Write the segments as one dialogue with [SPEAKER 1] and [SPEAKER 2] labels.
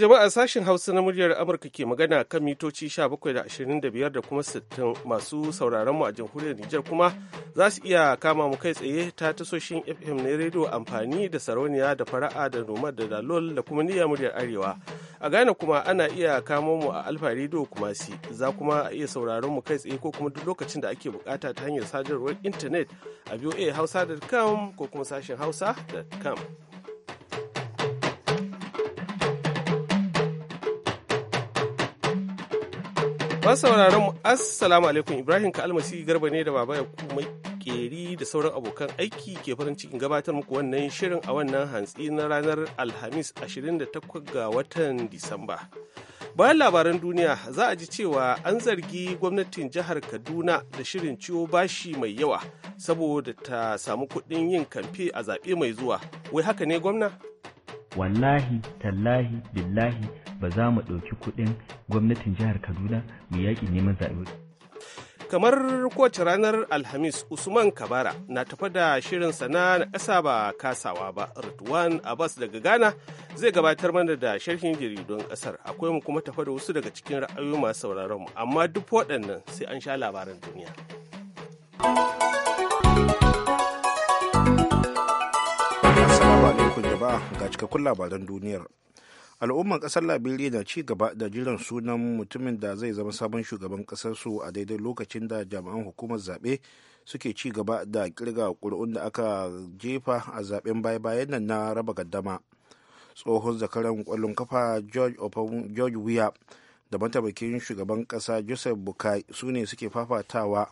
[SPEAKER 1] jama'a sashen Hausa na muryar Amurka ke magana kan mitoci 17.25 da kuma 60 masu sauraron mu a jamhuriyar Nijar kuma za su iya kama mu kai tsaye ta tasoshin FM na rediyo amfani da sarauniya da fara'a da noma da dalol da kuma niyya muryar Arewa. A gane kuma ana iya kama mu a Alfa rediyo kuma si za kuma iya sauraron mu kai tsaye ko kuma duk lokacin da ake bukata ta hanyar sadarwar intanet a voa hausa.com ko kuma sashen hausa.com. sauraron mu Assalamu alaikum Ibrahim ka almasi garba ne da baba ya kuma keri da sauran abokan aiki ke farin cikin gabatar muku wannan shirin a wannan hantsi na ranar Alhamis 28 ga watan Disamba. Bayan labaran duniya za a ji cewa an zargi gwamnatin jihar Kaduna da shirin ciwo bashi mai yawa saboda ta samu kuɗin yin kamfe a zaɓe mai zuwa. Wai haka ne gwamna?
[SPEAKER 2] Wallahi, tallahi, billahi, ba za mu ɗauki kuɗin gwamnatin jihar kaduna mu yaƙi neman zaɓe
[SPEAKER 1] kamar kowace ranar alhamis usman kabara na tafa da shirin sana na ƙasa ba kasawa ba rituwan abbas daga ghana zai gabatar mana da sharhin jaridun ƙasar akwai mu kuma tafa da wasu daga cikin ra'ayoyi masu sauraron mu amma duk waɗannan sai an sha labaran duniya
[SPEAKER 3] Assalamu alaikum jama'a ga cikakkun labaran duniyar al'ummar kasar liberia na ci gaba da jiran sunan mutumin da zai zama sabon shugaban kasar su a daidai lokacin da jami'an hukumar zaɓe suke ci gaba da kirga ƙuri'un da aka jefa a zaɓen baya-bayan nan na raba gaddama tsohon zakaran kwallon kafa george wuya da mataimakin shugaban ƙasa joseph bukai su ne suke fafatawa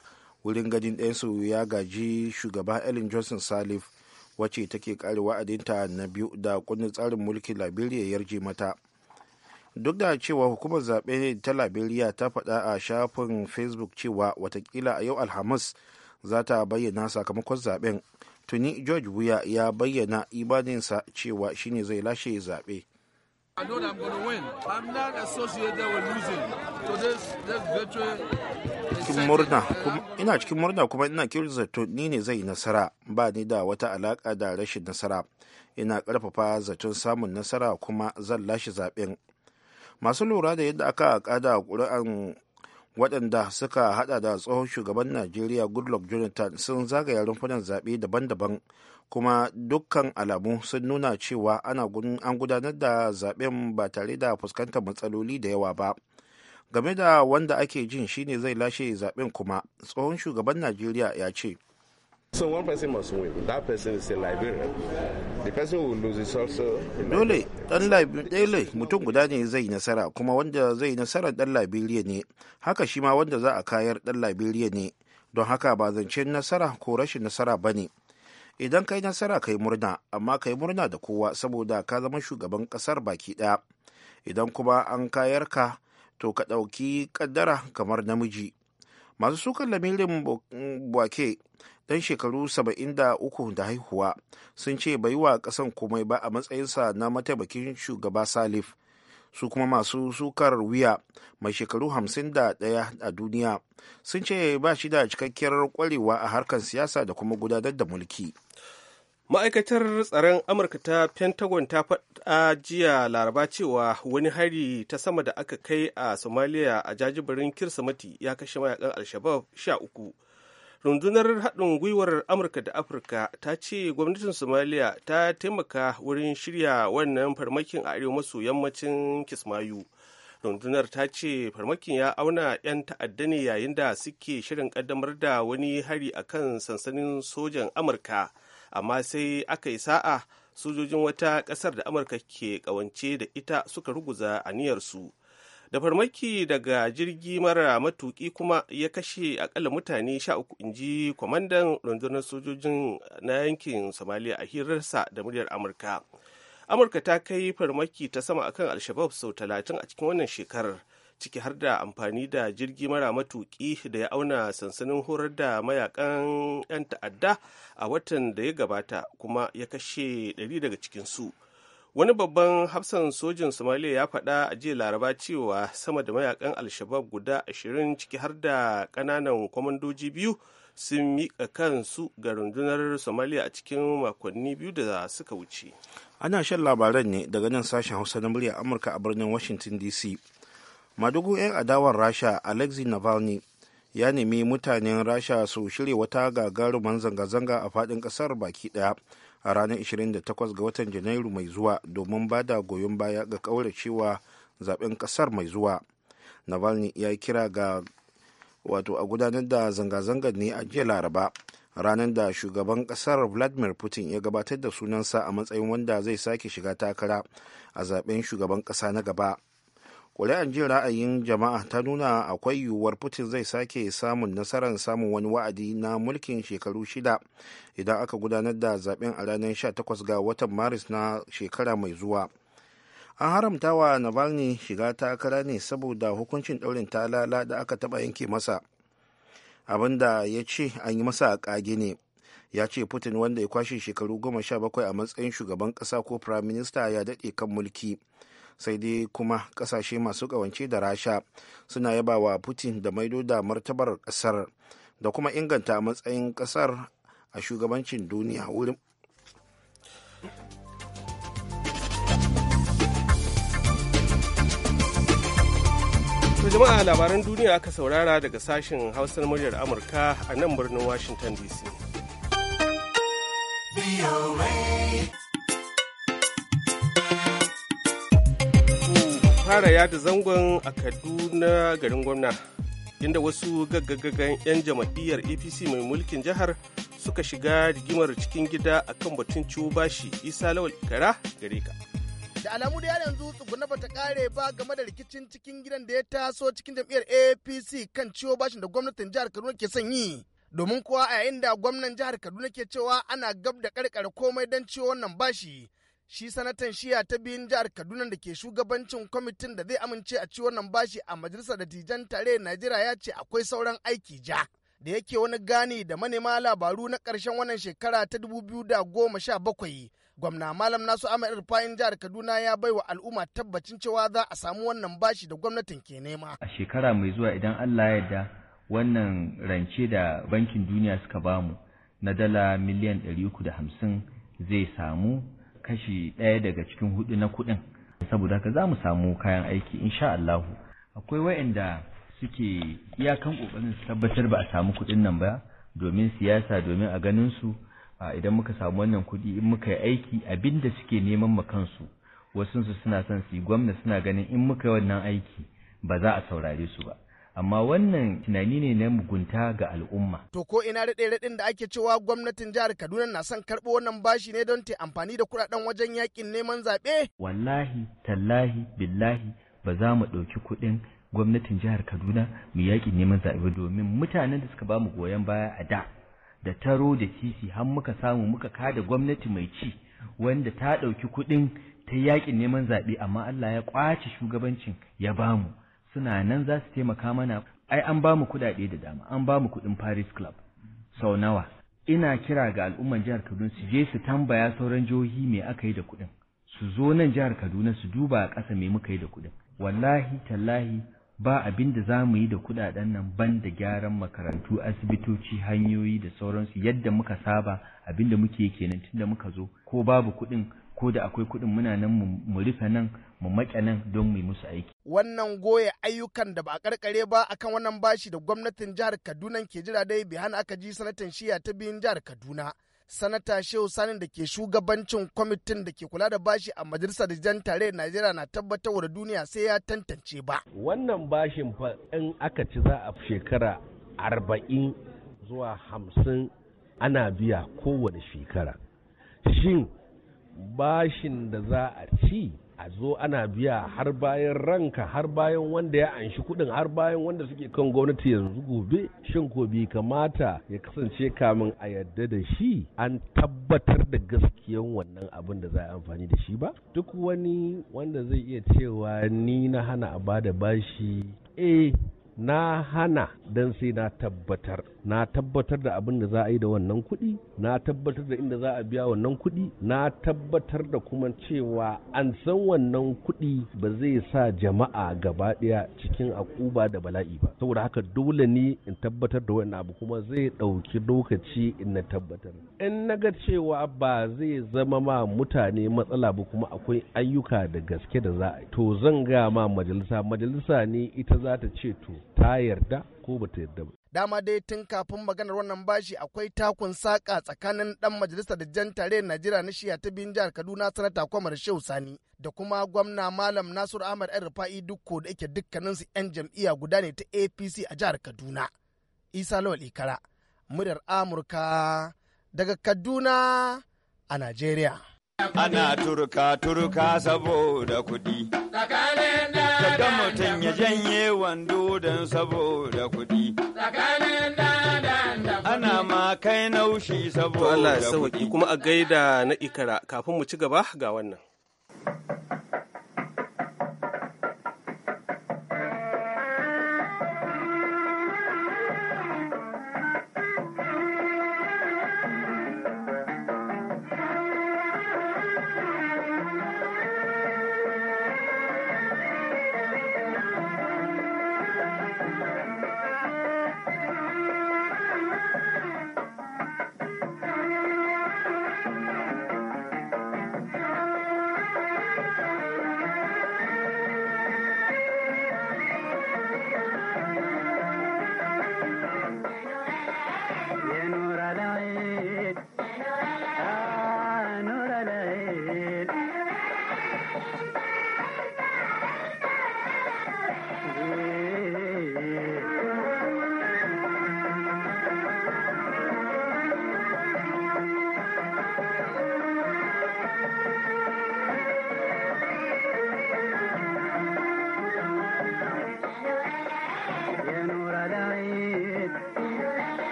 [SPEAKER 3] wurin ganin ɗayansu ya gaji shugaba ellen johnson salif wacce take kare wa'adinta na biyu da kundin tsarin mulkin liberia ya yarje mata duk da cewa hukumar zaɓe ta liberia ta faɗa a shafin facebook cewa watakila a yau alhamis za ta bayyana sakamakon zaɓen tuni george wuya ya bayyana imaninsa cewa shine zai lashe zaɓe
[SPEAKER 4] I know that I'm going to win. I'm not associated with losing. So this, this victory cikin murna
[SPEAKER 3] ina cikin murna kuma ina kirin zato ni ne zai nasara ba ni da wata alaka da rashin nasara ina karfafa zaton samun nasara kuma zan lashe zaben masu lura da yadda aka kada ƙuri'an waɗanda suka hada da tsohon shugaban najeriya goodluck jonathan sun zagaya rumfunan zaɓe daban-daban kuma dukkan alamu sun nuna cewa ana an gudanar da zaɓen ba tare da fuskantar matsaloli da yawa ba game da wanda ake jin shine zai lashe zaben kuma tsohon shugaban najeriya ya ce So one person must win. Dole dole mutum guda ne zai nasara kuma wanda zai nasara dan Liberia ne. Haka shi ma wanda za a kayar dan Liberia ne. Don haka ba zance nasara ko rashin nasara ba ne. Idan kai nasara kai murna, amma kai murna da kowa saboda ka zama shugaban kasar baki ɗaya. Idan kuma an kayar ka to ka ɗauki ƙaddara kamar namiji masu sukan lamirin buwake dan shekaru 73 da haihuwa sun ce bai wa kasan komai ba a matsayinsa na mataimakin shugaba salif su kuma masu sukar wuya mai shekaru 51 a duniya sun ce ba shi da cikakkiyar kwarewa a harkar siyasa da kuma gudanar da mulki. ma'aikatar tsaron amurka
[SPEAKER 1] ta pentagon ta faɗa jiya laraba cewa wani hari ta sama da aka kai a somalia a jajibirin kirsimati ya kashe mayakan alshabab sha uku rundunar haɗin gwiwar amurka da afirka ta ce gwamnatin somalia ta taimaka wurin shirya wannan farmakin a arewa maso yammacin kismayu rundunar ta ce farmakin ya auna 'yan ta'adda ne yayin da suke shirin ƙaddamar da wani hari akan sansanin sojan amurka amma sai aka yi sa'a sojojin wata ƙasar da amurka ke ƙawance da ita suka ruguza aniyarsu da farmaki daga jirgi mara matuƙi kuma ya kashe akalla mutane sha uku inji kwamandan rundunar sojojin na yankin somaliya a hirarsa da muryar amurka amurka ta kai farmaki ta sama akan alshabab sau talatin a cikin wannan shekarar ciki har da amfani da jirgi mara matuki da ya auna sansanin horar da mayakan 'yan ta'adda a watan da ya gabata kuma ya kashe ɗari daga cikinsu wani babban hafsan sojin somaliya ya faɗa a jiya laraba cewa sama da mayakan alshabab guda ashirin ciki har da ƙananan kwamandoji biyu sun miƙa kansu ga rundunar somaliya a cikin makonni biyu da suka wuce
[SPEAKER 3] ana shan labaran ne daga nan sashen hausa na murya amurka a birnin washington dc madugu 'yan adawar rasha alexei navalny ya nemi mutanen rasha su shirya wata gagaruman zanga-zanga a fadin kasar baki daya a ranar 28 ga watan janairu mai zuwa domin ba da goyon baya ga ƙauracewa zaben kasar mai zuwa navalny ya kira ga wato a gudanar da zanga zanga ne a jiya laraba ranar da shugaban kasar vladimir putin ya gabatar da sunansa a matsayin wanda zai sake shiga takara a zaben shugaban kasa na gaba ƙuri'an jin ra'ayin jama'a ta nuna akwai yiwuwar putin zai sake samun nasarar samun wani wa'adi na mulkin shekaru shida idan aka gudanar da zaben a ranar 18 ga watan maris na shekara mai zuwa an haramta wa navalny shiga takara ne saboda hukuncin ɗaurin talala da aka taɓa yanke masa abin da ya ce an yi masa ƙage ne ya ce putin wanda ya kwashe shekaru goma sha bakwai a matsayin shugaban ƙasa ko firaminista ya daɗe kan mulki sai dai kuma kasashe masu kawance da rasha suna yaba wa putin da maido da martabar kasar da kuma inganta matsayin kasar a shugabancin duniya wurin
[SPEAKER 1] jama'a labaran duniya aka saurara daga sashen hausar muryar amurka a nan birnin washington dc fara yada zangon a Kaduna garin gwamna inda wasu gaggagagan 'yan jam'iyyar APC mai mulkin jihar suka shiga rigimar cikin gida akan batun ciwo bashi isa lawal ikara gare ka.
[SPEAKER 5] da alamu da yanzu tsuguna bata kare ba game da rikicin cikin gidan da ya taso cikin jam'iyyar apc kan ciwo bashin da gwamnatin jihar kaduna ke son yi domin kuwa a yayin da gwamnan jihar kaduna ke cewa ana gab da karkare komai don ciwo wannan bashi shi sanatan shiya ta biyun jihar kaduna da ke shugabancin kwamitin da zai amince a ci wannan bashi a majalisar dattijan tare najeriya ya ce akwai sauran aiki ja da yake wani gani da manema labaru na karshen wannan shekara ta 2017 gwamna malam nasu ahmed fayin jihar kaduna ya bai wa al'umma tabbacin cewa za a samu wannan bashi da gwamnatin ke nema
[SPEAKER 2] a shekara mai zuwa idan allah ya yarda wannan rance da bankin duniya suka bamu na dala miliyan 350 zai samu kashi ɗaya daga cikin hudu na kuɗin saboda haka za mu samu kayan aiki insha Allahu akwai wa'anda suke iyakan kokarin su tabbatar ba a samu kuɗin nan ba domin siyasa domin a ganin su idan muka samu wannan kuɗi in muka yi aiki abinda suke neman ma kansu wasu suna son su yi gwamna suna ganin in muka yi wannan aiki ba za a saurare su ba amma wannan tunani ne na mugunta ga al'umma.
[SPEAKER 5] To ko ina raɗe-raɗin da ake cewa gwamnatin jihar Kaduna na son karɓo wannan bashi ne don ta amfani da kuɗaɗen wajen yakin neman zaɓe?
[SPEAKER 2] Wallahi, tallahi, billahi ba za mu ɗauki kuɗin gwamnatin jihar Kaduna mu yakin neman zaɓe domin mutanen da suka ba mu goyon baya a da da taro da kisi har muka samu muka kada gwamnati mai ci wanda ta ɗauki kuɗin ta yakin neman zaɓe amma Allah ya kwace shugabancin ya bamu. suna nan za su taimaka mana ai an ba mu kuɗaɗe da dama an ba mu kuɗin Paris Club sau nawa ina kira ga al'umman jihar Kaduna su je su tambaya sauran jihohi me aka yi da kuɗin su zo nan jihar Kaduna su duba a ƙasa me muka yi da kuɗin wallahi tallahi ba abin da za mu yi da kuɗaɗen nan ban da gyaran makarantu asibitoci hanyoyi da sauransu yadda muka saba abin da muke kenan tunda muka zo ko babu kuɗin ko da akwai kuɗin muna nan mu rufe nan mu maƙe nan don mu yi musu aiki.
[SPEAKER 5] Wannan goya ayyukan da ba a karkare ba akan wannan bashi da gwamnatin jihar Kaduna ke jira dai bi hana aka ji sanatan shiya ta biyun jihar Kaduna. Sanata Shehu Sani da ke shugabancin kwamitin da ke kula da bashi a majalisar jan tare Najeriya na tabbatar da duniya sai ya tantance ba. Wannan
[SPEAKER 4] bashin fa in aka ci za a shekara arba'in zuwa hamsin ana biya kowane shekara. Shin bashin da za a ci a zo ana biya har bayan ranka har bayan wanda ya anshi kudin har bayan wanda suke kan gwamnati yanzu gobe shin ko bai kamata ya kasance kamin a yadda da shi an tabbatar da gaskiyan wannan abin da za a amfani da shi ba duk wani wanda zai iya cewa ni na hana a bada bashi eh na hana don sai na tabbatar na tabbatar da abin da za a yi da wannan kuɗi na tabbatar da inda za a biya wannan kuɗi na tabbatar da kuma cewa an san wannan kuɗi ba zai sa jama'a gaba ɗaya cikin akuba da bala'i ba saboda haka dole ne in tabbatar da wannan abu kuma zai ɗauki lokaci in na tabbatar in na ga cewa ba zai zama ma mutane matsala ba kuma akwai ayyuka da gaske da za a yi to zan ga ma majalisa majalisa ne ita za ta ce to ta yarda ko ba ta yarda ba
[SPEAKER 5] dama dai tun kafin maganar wannan bashi akwai takun saƙa tsakanin ɗan majalisa da jan tare najeriya na shiya ta biyun jihar kaduna sanata kwamar shehu sani da kuma gwamna malam nasiru ahmad ɗan rufa'i dukko da yake dukkaninsu yan jam'iyya guda ne ta apc a jihar kaduna isa lawal ikara muryar amurka daga kaduna a najeriya ana
[SPEAKER 6] turka turka saboda kuɗi Daga mutum ya janye wando don saboda kuɗi. Ana
[SPEAKER 7] ma kai naushi saboda Allah ya sauki
[SPEAKER 1] kuma a gaida na ikara kafin mu ci gaba ga wannan.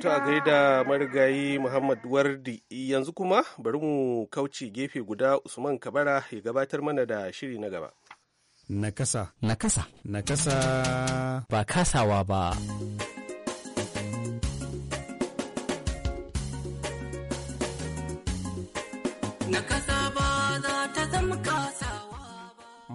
[SPEAKER 7] ta gaida
[SPEAKER 1] marigayi Muhammad Wardi yanzu kuma bari mu kauce gefe guda Usman Kabara ya gabatar mana da shiri na gaba.
[SPEAKER 2] Nakasa. Nakasa. Nakasa. Ba kasawa ba.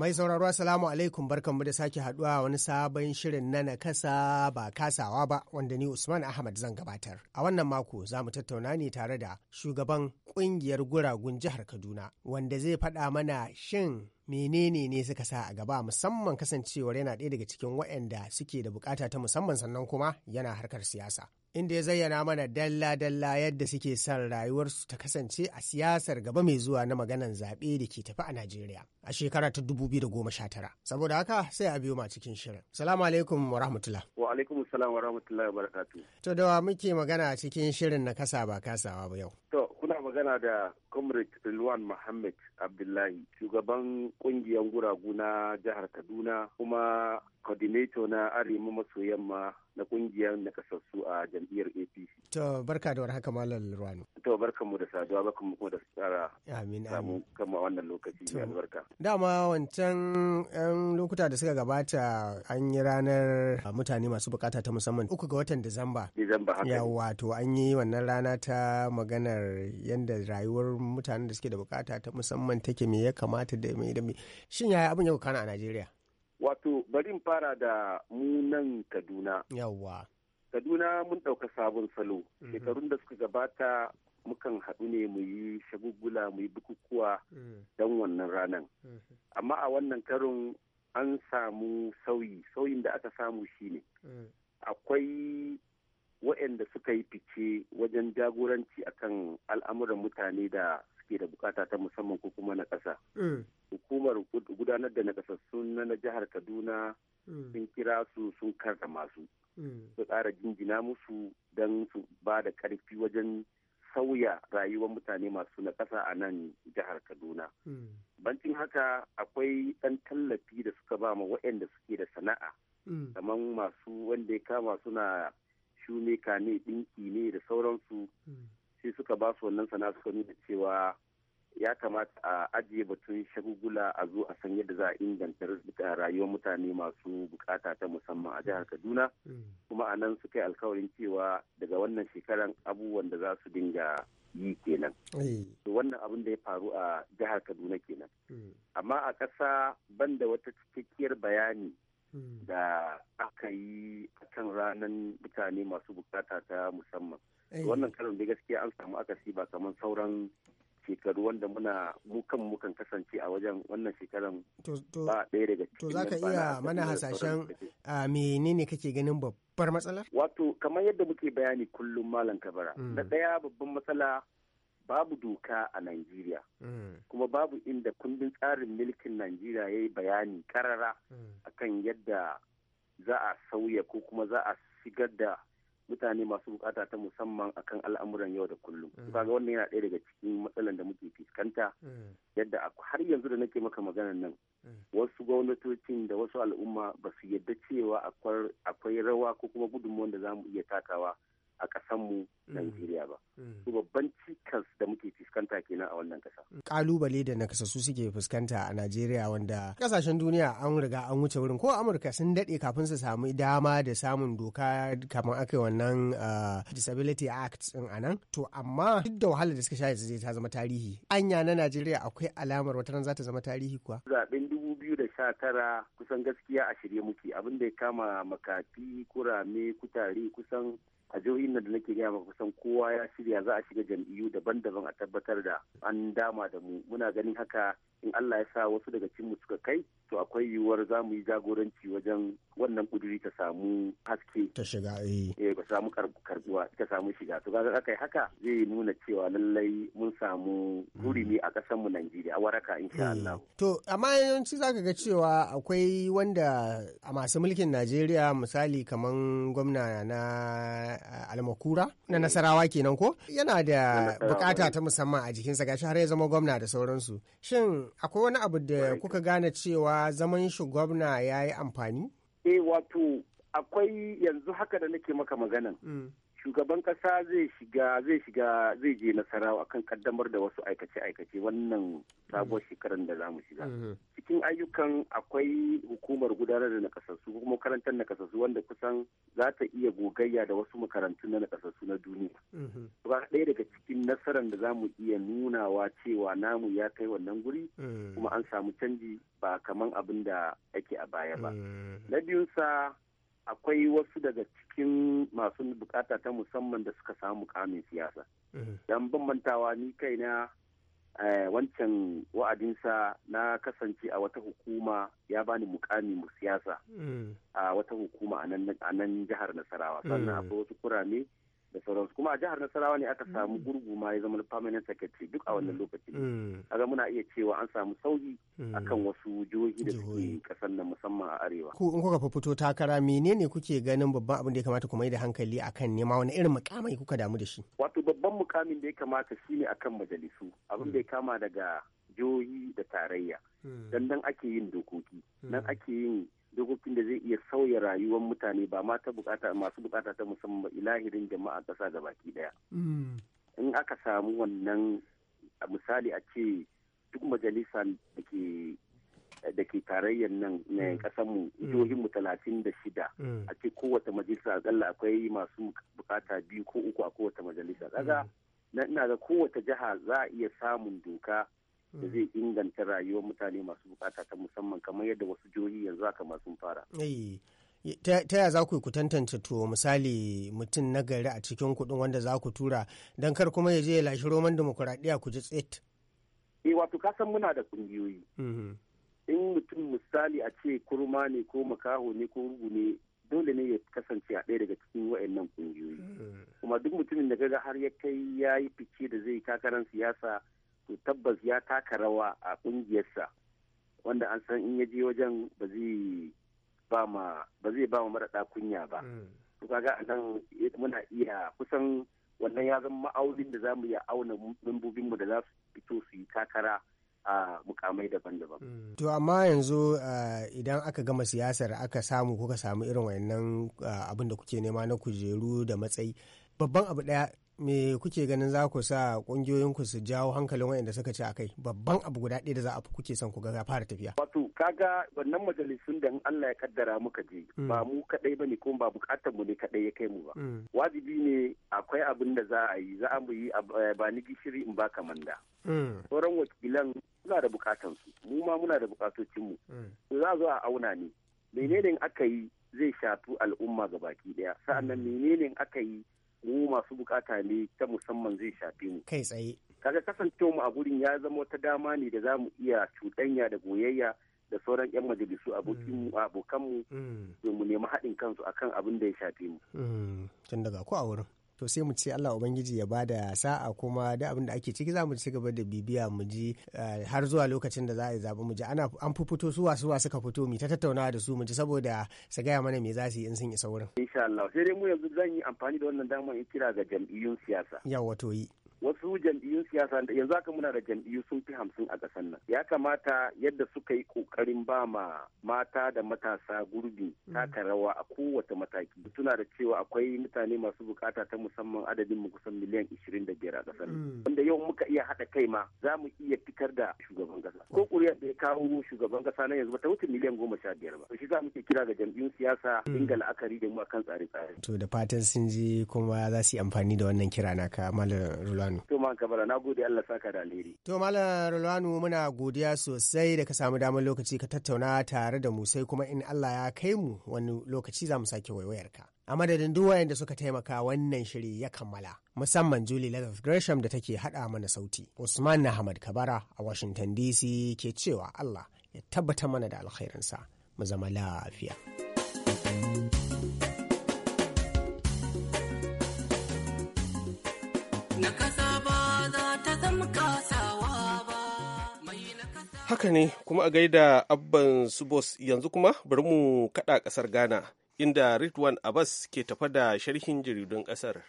[SPEAKER 8] Mai sauraro Assalamu alaikum barkanmu da sake haduwa wani sabon shirin na nakasa ba kasawa ba wanda ni Usman Ahmad zan gabatar. A wannan mako za mu tattauna ne tare da shugaban kungiyar guragun jihar Kaduna wanda zai faɗa mana shin menene ne suka sa a gaba musamman kasancewar yana ɗaya daga cikin waɗanda suke da bukata ta musamman sannan kuma yana harkar siyasa inda ya zayyana mana dalla-dalla yadda suke son rayuwarsu ta kasance a siyasar gaba mai zuwa na maganan zaɓe da ke tafi a Najeriya a shekara ta 2019. Saboda haka sai a biyo ma cikin shirin. Salamu alaikum wa rahmatullah.
[SPEAKER 7] Wa alaikum salam wa rahmatullah wa barakatu.
[SPEAKER 8] To da muke magana cikin shirin na kasa ba kasawa ba yau.
[SPEAKER 7] To kuna magana da Comrade Ilwan Muhammad Abdullahi, shugaban kungiyar guragu na jihar Kaduna kuma coordinator na arewa maso yamma na kungiyar nakasassu a jam'iyyar APC.
[SPEAKER 8] To barka da warhaka Malam Ruwanu.
[SPEAKER 7] To barka mu da saduwa barka mu da tsara.
[SPEAKER 8] Amin amin. Kama wannan lokaci ya barka. Dama wancan yan lokuta da suka gabata an yi ranar mutane masu bukata ta musamman uku ga watan Disamba.
[SPEAKER 3] Disamba haka. Yawu,
[SPEAKER 8] to an yi wannan rana ta maganar yadda rayuwar mutanen da suke da bukata ta musamman hukumar take me ya kamata da me da shin yaya abin ya kana a Najeriya
[SPEAKER 7] wato bari in fara da mu nan Kaduna yawa Kaduna mun ɗauka sabon salo mhm. shekarun da suka gabata mukan haɗu ne mu yi shagugula mu yi bukukuwa mm. don wannan ranan mhm. amma a wannan karin an samu sauyi sauyin da aka samu shine mm. akwai wa'anda suka yi fice wajen jagoranci akan al'amuran mutane da ke da bukata ta musamman ko kuma na ƙasa. Mm. Hukumar gudanar da na sun na jihar Kaduna mm. sun kira su sun karta masu Su ƙara mm. jinjina musu don su ba da ƙarfi wajen sauya rayuwar mutane masu na ƙasa a nan jihar Kaduna. Bancin haka akwai ɗan tallafi da suka ba ma waɗanda suke da sana'a. Kamar masu wanda ya kama suna ka ne, ɗinki ne da sauransu. shi suka ba su wannan sana suka nuna cewa ya kamata a ajiye batun shagugula a zo a san yadda za a inganta rayuwar mutane masu bukata ta musamman a jihar kaduna mm. kuma a nan suka yi alkawarin cewa daga wannan shekaran abubuwan da za su dinga yi kenan eh. to wannan abin da ya faru a jihar kaduna kenan mm. amma a ƙasa ban da wata cikakkiyar bayani mm. da aka yi a can ranar mutane masu bukata ta musamman Eh. wannan karin da gaskiya an samu akasi ba kamar sauran shekaru wanda muna mukan mukan kasance a wajen wannan shekaran ba ɗaya daga cikin to ka iya mana hasashen
[SPEAKER 8] menene kake ganin babbar
[SPEAKER 7] matsalar wato kamar yadda muke bayani kullum malam kabara mm. na ɗaya babban matsala babu doka a Najeriya mm. kuma babu inda kundin tsarin mulkin Najeriya ya yi bayani karara mm. akan yadda za a sauya ko kuma za a shigar da mutane masu bukata ta musamman akan al'amuran yau da kullum mm. kaga wannan yana ɗaya daga cikin matsalan da muke fuskanta mm. yadda har yanzu da nake maka maganan nan mm. wasu gwamnatocin da wasu al'umma ba su yadda cewa akwai rawa ko kuma gudunmuwan da za mu iya takawa a mu mm. Najeriya ba. Mm. Su babban cikas da muke fuskanta kenan a wannan ƙasa.
[SPEAKER 8] kalubale mm. da nakasassu suke fuskanta a Najeriya wanda ƙasashen duniya an riga an wuce wurin ko Amurka sun daɗe kafin su samu dama da samun doka kamar aka wannan uh, Disability Act ɗin a nan. To amma duk da wahalar da suka sha yanzu zai ta zama tarihi. Anya na Najeriya akwai alamar wata ran za ta zama tarihi kuwa.
[SPEAKER 7] Zaɓen dubu biyu da sha tara kusan gaskiya a shirye muke abin da ya kama makafi kurame kutare kusan a jihohin da nake gaya maka kusan kowa ya shirya za a shiga jam'iyyu daban-daban a tabbatar da an dama da mu muna ganin haka in Allah ya sa wasu daga cikinmu suka kai to akwai yiwuwar za mu yi jagoranci wajen wannan kuduri ta samu haske ta shiga eh, eh ba samu karbuwa ta samu shiga to kaga akai haka zai nuna cewa lallai mun samu hurumi a kasar mu Najeriya waraka insha
[SPEAKER 8] eh. Allah to amma yawanci zaka ga cewa akwai wanda a masu mulkin Najeriya misali kamar gwamna na eh, Almakura na Nasarawa kenan ko yana da bukata ta musamman a jikinsa gashi har ya zama gwamna da sauransu shin akwai wani abu da kuka gane cewa zaman shi gwamna ya yi amfani? Eh wato
[SPEAKER 7] akwai yanzu haka da nake maka maganan. Mm. shugaban kasa zai shiga zai shiga zai je nasara akan kaddamar da wasu aikace-aikace wannan sabuwar shekarar da zamu shiga cikin ayyukan akwai hukumar gudanar da nakasassu kuma makarantar nakasassu wanda kusan za ta iya gogayya da wasu makarantu na nakasassu na duniya ba ɗaya daga cikin nasarar da zamu iya nunawa cewa namu ya kai wannan guri kuma an samu canji ba kamar abin da ake a baya ba na biyunsa akwai wasu daga cikin masu bukata ta musamman da suka samu kamin siyasa eh. don bambantawa ni kaina eh, wancan wa'adinsa na kasance a wata hukuma ya bani mukami siyasa eh. a wata hukuma a nan jihar nasarawa sannan akwai wasu kurame da sauransu kuma a jihar nasarawa ne aka samu mm. gurgu ma ya zama permanent secretary duk a wannan mm. lokaci mm. kaga muna iya cewa an samu sauyi akan wasu jihohi da suke kasar nan musamman a arewa ku
[SPEAKER 8] in kuka fito takara menene kuke ganin babban abin da ya kamata ku mai da hankali akan nema wani irin mukamai kuka damu da shi
[SPEAKER 7] wato babban mukamin da ya kamata shi shine akan majalisu abin da ya kama daga jihohi da tarayya dan nan ake yin dokoki nan ake yin dokokin da zai iya sauya rayuwar mutane ba ma ta bukata masu bukata ta musamman ilahirin jama'a kasa da baki daya hmm. in aka samu wannan misali a ce duk majalisa da ke tarayyar nan na kasanmu hmm. hmm. mu talatin da shida a ce kowace majalisa akalla akwai masu bukata biyu ko uku a kowace majalisa kaga na ina ga kowace jiha za a iya samun doka da mm. zai inganta rayuwar mutane masu bukata ta musamman kamar yadda wasu jihohi yanzu haka ma sun fara.
[SPEAKER 8] ta ya za ku ku tantance to misali mutum na gari a cikin kuɗin wanda za ku tura don kar kuma ya je ya lashi roman demokuraɗiyya ku ji tsit.
[SPEAKER 7] eh wato kasan muna da ƙungiyoyi. Mm-hmm. in mutum misali a ce kurma ne ko makaho ne ko rugu ne dole ne ya kasance a ɗaya daga cikin wayannan ƙungiyoyi. Mm. kuma duk mutumin da ga har ya kai ya yi fice da zai takarar siyasa to tabbas ya taka rawa a ƙungiyarsa wanda an san in ya je wajen ba zai ba ma maraɗa kunya ba hmm. to kaga a nan muna iya kusan wannan ya zama ma'aunin da za mu iya auna membobinmu da za su fito su yi takara a mukamai daban-daban. Hmm.
[SPEAKER 8] To amma yanzu eh, idan aka gama siyasar aka samu kuka samu irin wayannan eh, abin da kuke nema na kujeru da matsayi babban abu daya me kuke ganin za ku sa kungiyoyinku su jawo hankalin waɗanda suka ci a kai babban abu guda ɗaya da za a fi kuke son ku ga ya fara tafiya.
[SPEAKER 7] Wato kaga wannan majalisun da Allah ya kaddara muka je mm. ba mu kaɗai ba ne kuma ba buƙatar mu ne kaɗai ya kai mu ba. Mm. Wajibi ne akwai abin da za a yi za a mu yi eh, ba ni gishiri in ba kamanda. Mm. Sauran wakilan suna da su mu ma muna da mu Za zo a auna ne menene aka yi zai shafi al'umma ga baki ɗaya sa'annan menene aka yi mu masu bukata ne ta musamman zai shafe mu kai tsaye kaga kasancewa mu a gurin ya zama wata dama ne da za mu iya cuɗanya da goyayya da sauran 'yan majalisu abokanmu mm. mm. domin nemi haɗin kansu akan abin da ya shafe mu.
[SPEAKER 8] Mm. Tun daga ku a wurin. to sai mu ce Allah ubangiji ya bada sa'a kuma da abin da ake ciki za mu ci gaba da bibiya mu ji eh, har zuwa lokacin da za a yi zaɓi mu ji ana an fito suwa suwa suka fito mu ta tattaunawa da su mu ji saboda su gaya mana me za su yi in sun isa wurin
[SPEAKER 7] insha Allah sai dai mu yanzu zan yi amfani da wannan damar in kira ga jam'iyyun siyasa
[SPEAKER 8] yawa to yi
[SPEAKER 7] wasu jam'iyyun siyasa yanzu haka muna da jam'iyyu sun fi hamsin a ƙasar nan ya kamata yadda suka yi ƙoƙarin ba ma mata da matasa gurbi mm. taka rawa a kowace mataki tuna da cewa akwai mutane masu bukata ta musamman adadin mu kusan miliyan ishirin da biyar a ƙasar nan mm. wanda yau muka iya haɗa kai ma za mu iya fitar da shugaban ƙasa ko kuriya da ya kawo shugaban ƙasa na yanzu ba ta wuce miliyan goma sha biyar ba shi za mu ke kira ga jam'iyyun siyasa dinga mm. la'akari da mu akan tsare-tsare.
[SPEAKER 8] to da fatan sun ji kuma za su yi amfani da wannan kira ka malam Rulwanu.
[SPEAKER 7] To man kabara na gode Allah saka da alheri.
[SPEAKER 8] To Malam Rulwanu muna godiya sosai da ka samu damar lokaci ka tattauna tare da mu sai kuma in Allah ya kai mu wani lokaci za mu sake waiwayar ka. A madadin duk wayanda suka taimaka wannan shiri ya kammala musamman juli Lazarus Gresham da take hada mana sauti. Usman nahmad Kabara a Washington DC ke cewa Allah ya tabbata mana da alkhairinsa mu zama lafiya. thank you
[SPEAKER 1] Haka ne kuma a gaida abban subos yanzu kuma bari mu kaɗa ƙasar Ghana inda Ridwan Abbas ke tafa da sharhin jaridun ƙasar.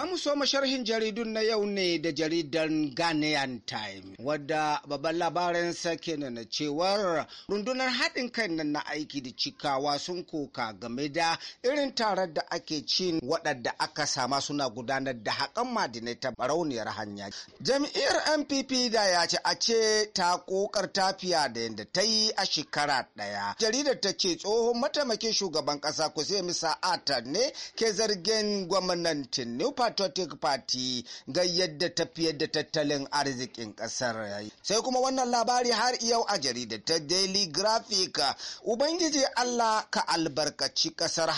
[SPEAKER 6] Za mu so sharhin jaridun na yau ne da jaridan Ghanaian Time, wadda babban labarin sake na cewar rundunar haɗin kai nan na aiki da cikawa sun koka game da irin tarar da ake cin waɗanda aka sama suna gudanar da haƙan madinai ta barauniyar hanya. Jam'iyyar MPP da ya ce a ce ta ƙoƙar tafiya da yadda ta yi a shekara ɗaya. Jaridar ta ce tsohon mataimakin shugaban ƙasa sai misa'ata ne ke zargin gwamnatin New patriotic party ga yadda tafiyar da tattalin arzikin ƙasar sai kuma wannan labari har yau a jaridar ta daily graphic ubangiji allah ka albarkaci ƙasar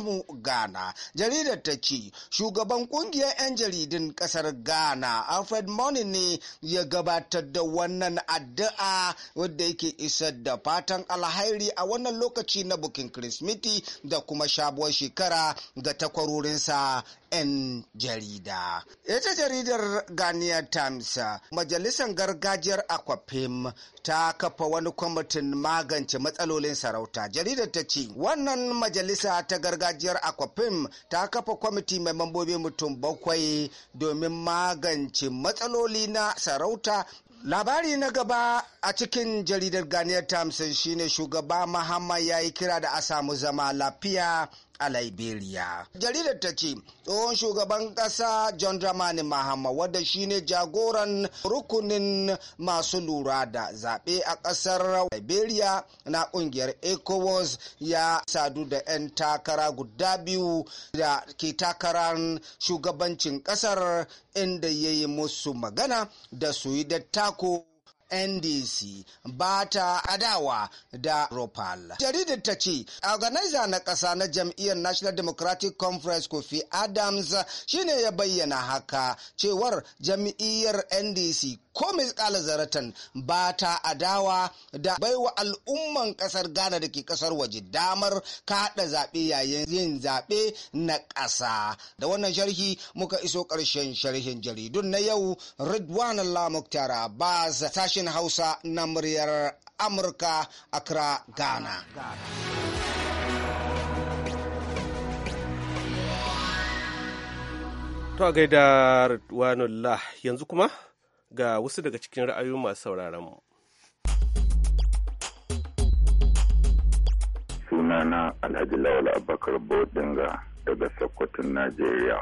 [SPEAKER 6] mu ghana jaridar ta ce shugaban ƙungiyar 'yan jaridun ƙasar ghana alfred money ne ya gabatar da wannan addu'a wadda yake isar da fatan alhairi a wannan lokaci na bukin kirismiti da kuma sabuwar shekara ga takwarorinsa 'yan jarida. Ita jaridar Ghanaian Times, majalisar gargajiyar Aquafim ta kafa wani kwamitin magance matsalolin sarauta. Jaridar ta ce, wannan majalisa ta gargajiyar Aquafim ta kafa kwamiti mai mambobi mutum bakwai domin magance matsaloli na sarauta labari na gaba a cikin jaridar Ghanaian Times shine shugaba Mahama ya yi kira da a samu zama lafiya a liberia jaridar ta ce tsohon shugaban ƙasa john dramani mahama wadda shine jagoran rukunin masu lura da zaɓe a ƙasar liberia na ƙungiyar ecowas ya sadu da 'yan takara guda biyu da ke takarar shugabancin ƙasar inda ya yi musu magana da su yi da tako ndc ba ta adawa da ropal jaridar ta ce organizer na ƙasa na jam'iyyar national democratic conference kofi adams shine ya bayyana haka cewar jam'iyyar ndc ko mai zaratan ba ta adawa da baiwa al'umman ƙasar ghana da ke ƙasar waje damar kaɗa zaɓe yayin yin zaɓe na ƙasa da wannan sharhi muka iso ƙarshen sharhin jaridun na yau ridwan allah muktar abbas sashen Hausa na muryar Amurka a Accra, Ghana. To a
[SPEAKER 1] gaida Ridwanullah yanzu kuma ga wasu daga cikin ra'ayoyin masu sauraron mu.
[SPEAKER 7] Sunana Alhaji Lawal Abubakar Bodinga daga Sokoton Najeriya.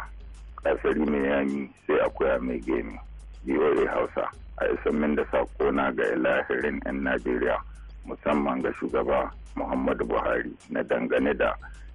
[SPEAKER 7] Kasari mai yami sai akwai mai gemi. Biyoyi Hausa. a isan da sakona ga ilahirin 'yan najeriya musamman ga shugaba muhammadu buhari na dangane da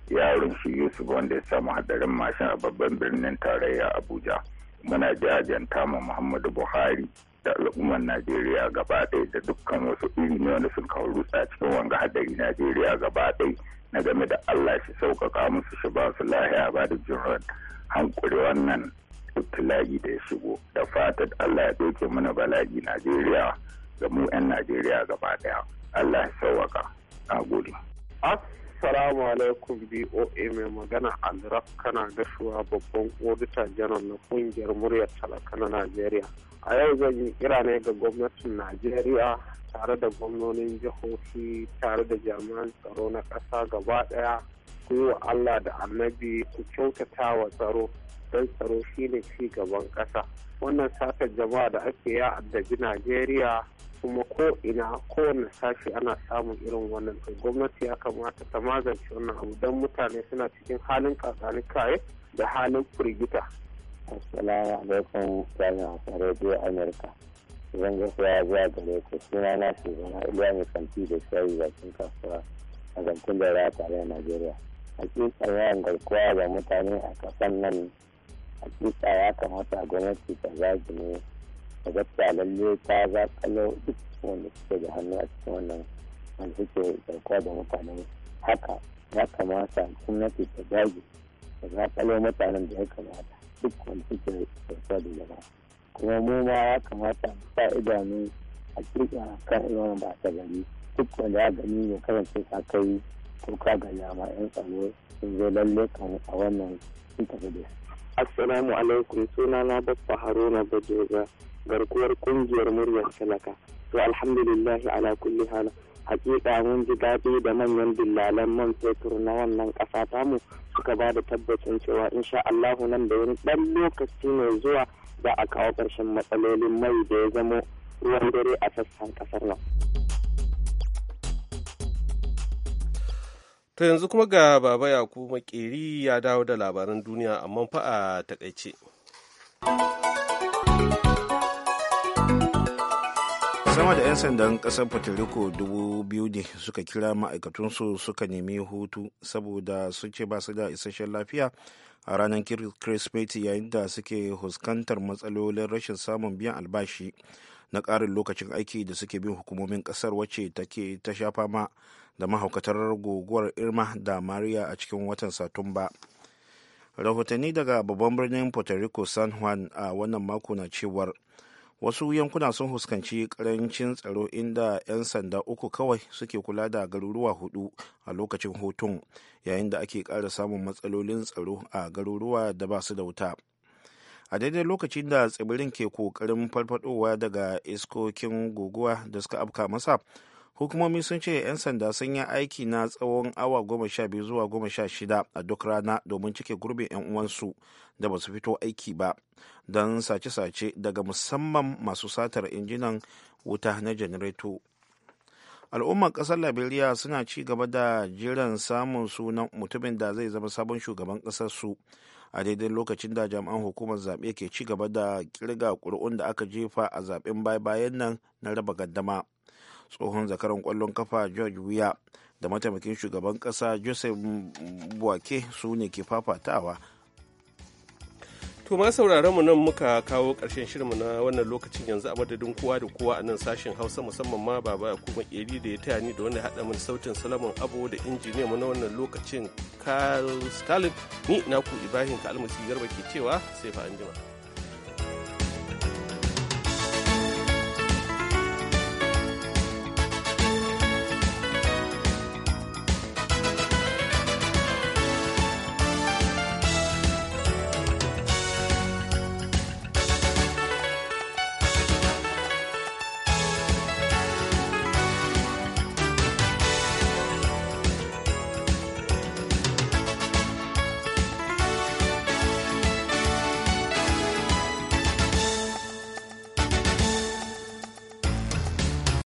[SPEAKER 7] yaron shi yusuf wanda ya samu hadarin mashin a babban birnin tarayya abuja muna jajanta ma muhammadu buhari da al'ummar najeriya gaba ɗaya da dukkan wasu iri ne wanda sun kawo rutsa cikin wanga hadari najeriya gaba ɗaya na game da allah shi sauƙaƙa musu shi ba su lahiya ba da jihar hankuri wannan ibtila'i da ya shigo da fatan Allah ya ɗauke mana bala'i Najeriya ga mu 'yan Najeriya gaba ɗaya. Allah ya sauwaka. a gode. Assalamu alaikum BOA mai magana Alraf kana gashuwa babban auditor janar na kungiyar muryar talaka na Najeriya. A yau zan yi kira ne ga gwamnatin Najeriya tare da gwamnonin jihohi tare da jami'an tsaro na ƙasa gaba ɗaya. Ku yi wa Allah da annabi ku kyautata wa tsaro don tsaro shine ci gaban ƙasa wannan satar jama'a da ake ya addabi najeriya kuma ko ina kowane sashi ana samun irin wannan to gwamnati ya kamata ta magance wannan abu don mutane suna cikin halin kakani kaye da halin firgita assalamu alaikum jami'a hausa radio amurka zan ga kuwa zuwa gare ku suna na zama iliya mai kanti da shayi cin kasuwa a zankun da ya tare a najeriya hakika yawan garkuwa ga mutane a kasan nan hakika ya kamata gwamnati ta zagaye ta gaskiya lalle ta za kallo duk wanda suke da hannu a cikin wannan wanda suke dauka da mutane haka ya kamata gwamnati ta zagaye ta za kallo mutanen da ya kamata duk wanda suke garkuwa da yawa kuma mu ma ya kamata mu sa idanu hakika kan irin ba ta gari duk wanda ya gani ya kasance ka kai ko ka gani amma 'yan tsaro sun zo lalle kan a wannan sun tafi da su Assalamu alaikum sunana Baffa Haruna Bajoga garkuwar kungiyar muryar talaka. To alhamdulillahi ala kulli hala. Hakika mun ji daɗi da manyan dillalan man fetur na wannan ƙasa tamu suka ba da tabbacin cewa insha Allahu nan da wani ɗan lokaci mai zuwa za a kawo ƙarshen matsalolin mai da ya zamo ruwan dare a sassan ƙasar nan.
[SPEAKER 1] To yanzu kuma ga Baba Yakubu Makeri ya dawo da labaran duniya amma fa a takaice.
[SPEAKER 3] sama da 'yan sandan kasar puerto rico dubu biyu ne suka kira ma'aikatunsu suka nemi hutu saboda sun ce ba su da isasshen lafiya a ranar kirsimeti yayin da suke huskantar matsalolin rashin samun biyan albashi na ƙarin lokacin aiki da suke bin hukumomin ƙasar wacce take ta sha fama da mahaukatar guguwar irma da maria a cikin watan satumba rahotanni daga babban birnin puerto rico san juan a wannan mako na cewar wasu yankuna sun huskanci karancin tsaro inda 'yan sanda uku kawai suke kula da garuruwa hudu a lokacin hutun yayin da ake ƙara samun matsalolin tsaro a garuruwa da ba su da wuta a daidai lokacin da tsibirin ke kokarin farfadowa daga iskokin guguwa da suka afka masa hukumomi sun ce 'yan sanda sun yi aiki na tsawon awa goma sha biyu zuwa goma sha shida a duk rana domin cike gurbin 'yan uwansu da ba su fito aiki ba don sace-sace daga musamman masu satar injinan wuta na janareto al'ummar ƙasar liberia suna ci gaba da jiran samun sunan mutumin da zai zama sabon shugaban ƙasar su a daidai lokacin da jami'an hukumar zaɓe ke ci gaba da kirga ƙuri'un da aka jefa a zaɓen baya-bayan nan na raba gaddama tsohon zakaran kwallon kafa george wuya da mataimakin shugaban kasa joseph buwake su ne ke fafatawa
[SPEAKER 1] to ma sauraron mu nan muka kawo ƙarshen shirmu na wannan lokacin yanzu a madadin kowa da kowa a nan sashen hausa musamman ma baba kuma eri da ya taya ni da wanda haɗa min sautin salamun abu da injiniya mu na wannan lokacin carl stalin ni naku ibrahim kalmasi garba ke cewa sai fa'an anjima.